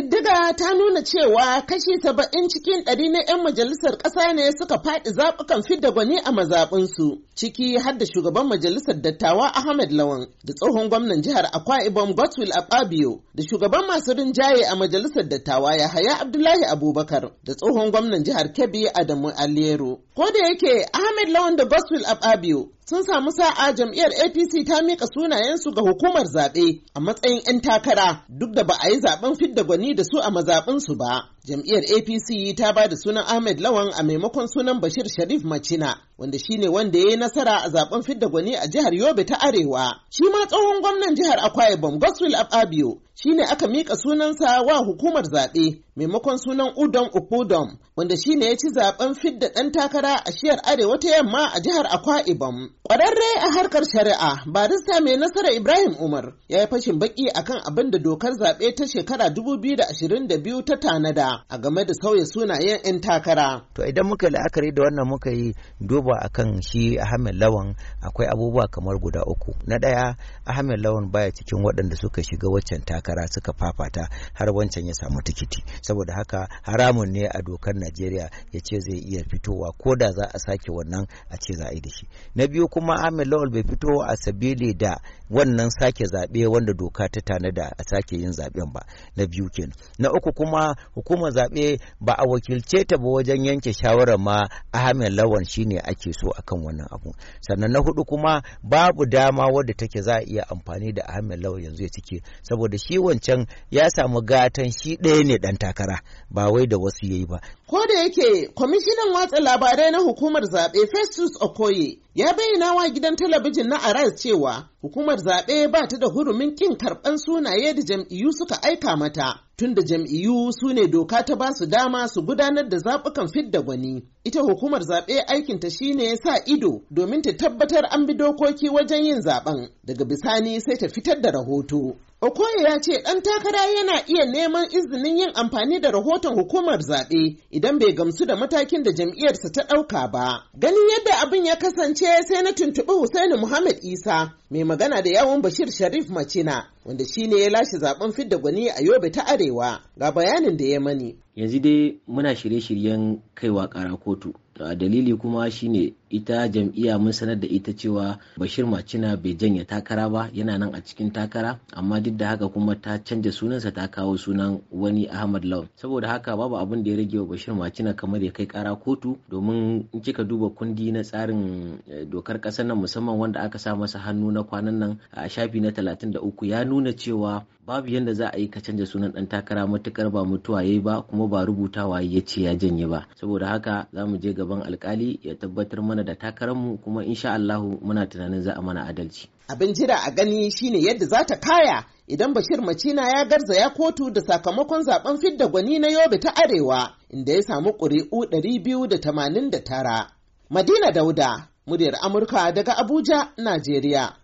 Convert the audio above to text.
Ƙididdiga ta nuna cewa kashi saba'in cikin ɗari na 'yan majalisar ƙasa ne suka faɗi zaɓukan fidda gwani a mazaɓinsu, ciki har da shugaban majalisar dattawa Ahmed Lawan da tsohon gwamnan jihar Akwa Ibom Godswill Akpabio da shugaban masu rinjaye a majalisar dattawa Yahaya Abdullahi Abubakar da tsohon gwamnan jihar Kebbi Adamu Alero. Ko da yake Ahmed Lawan da Godswill Akpabio sun samu sa'a jam'iyyar APC ta miƙa sunayensu ga hukumar zaɓe a matsayin 'yan takara duk da ba a yi zaɓen fidda gwani da su a mazaɓinsu ba. Jam'iyyar APC ta ba da sunan Ahmed Lawan a maimakon sunan Bashir Sharif Macina wanda shine wanda ya yi nasara a zaɓen fidda gwani a jihar Yobe ta Arewa. Shi ma tsohon gwamnan jihar Akwa Ibom Goswill Ababio shine aka miƙa sunansa wa hukumar zaɓe maimakon sunan Udom upudom wanda shine ya ci zaɓen fidda ɗan takara a shiyar Arewa ta yamma a jihar Akwa Ibom. kwararre a harkar shari'a, barista mai nasara Ibrahim Umar ya yi fashin baki akan abin da dokar zaɓe ta shekara 2022 ta tanada a game da sauya sunayen 'yan takara. To idan muka yi la'akari da wannan muka yi duba akan shi Ahmed Lawan akwai abubuwa kamar guda uku. Na ɗaya Ahmed Lawan baya cikin waɗanda suka shiga waccan takara suka fafata har wancan ya samu tikiti. Saboda haka haramun ne a dokar Najeriya ya ce zai iya fitowa ko da za a sake wannan a ce za a yi da shi. Na biyu kuma Ahmed Lawal bai fito a sabili da wannan sake zaɓe wanda doka ta tanada a sake yin zaɓen ba na biyu kenan na uku kuma hukumar zaɓe ba a wakilce ta ba wajen yanke shawarar ma Ahmed Lawal shine ake so akan wannan abu sannan na hudu kuma babu dama wadda take za a iya amfani da Ahmed Lawal yanzu ya cike saboda shi wancan ya samu gatan shi ɗaya ne dan takara ba wai da wasu yayi ba ko da yake kwamishinan watsa labarai na hukumar zaɓe Festus Okoye ya bayyana wa gidan talabijin na Aras cewa hukumar zaɓe ba ta da hurumin ƙin karɓan sunaye da jam'iyyu suka aika mata tunda jam'iyyu su ne doka ta ba su dama su gudanar da zaɓukan fidda gwani. Ita hukumar zaɓe aikinta shi shine sa ido domin ta tabbatar an bi dokoki wajen yin zaɓen daga bisani sai ta fitar da rahoto. Okoye ya ce ɗan takara yana iya neman izinin yin amfani da rahoton hukumar zaɓe idan bai gamsu da matakin da jam'iyyarsa ta ɗauka ba. Ganin yadda abin ya kasance sai na tuntuɓi Hussaini Muhammad Isa mai magana da yawon Bashir Sharif Macina wanda shi ne ya lashe zaɓen fidda gwani a Yobe ta Arewa ga bayanin da ya mani. Yanzu dai muna shirye-shiryen kaiwa ƙara kotu a dalili kuma shine ita jam'iyya mun sanar da ita cewa bashir macina bai janye takara ba yana nan a cikin takara amma duk da haka kuma ta canja sunansa ta kawo sunan wani ahmad law saboda haka babu abin da ya rage wa bashir macina kamar ya kai kara kotu domin in kika duba kundi na tsarin eh, dokar kasar nan musamman wanda aka sa masa hannu na kwanan nan a shafi na talatin da uku ya nuna cewa babu yadda za a yi ka canja sunan dan takara matukar ba mutuwa yi ba kuma ba rubutawa ya ce ya janye ba saboda haka za mu je gaba gaban alkali ya tabbatar mana da takararmu kuma insha Allahu muna tunanin za a mana adalci. Abin jira a gani shine yadda za ta kaya idan Bashir Macina ya garzaya kotu da sakamakon zaben fidda gwani na Yobe ta Arewa inda ya samu ƙuri'u 289. Madina Dauda, muryar Amurka daga Abuja, Najeriya.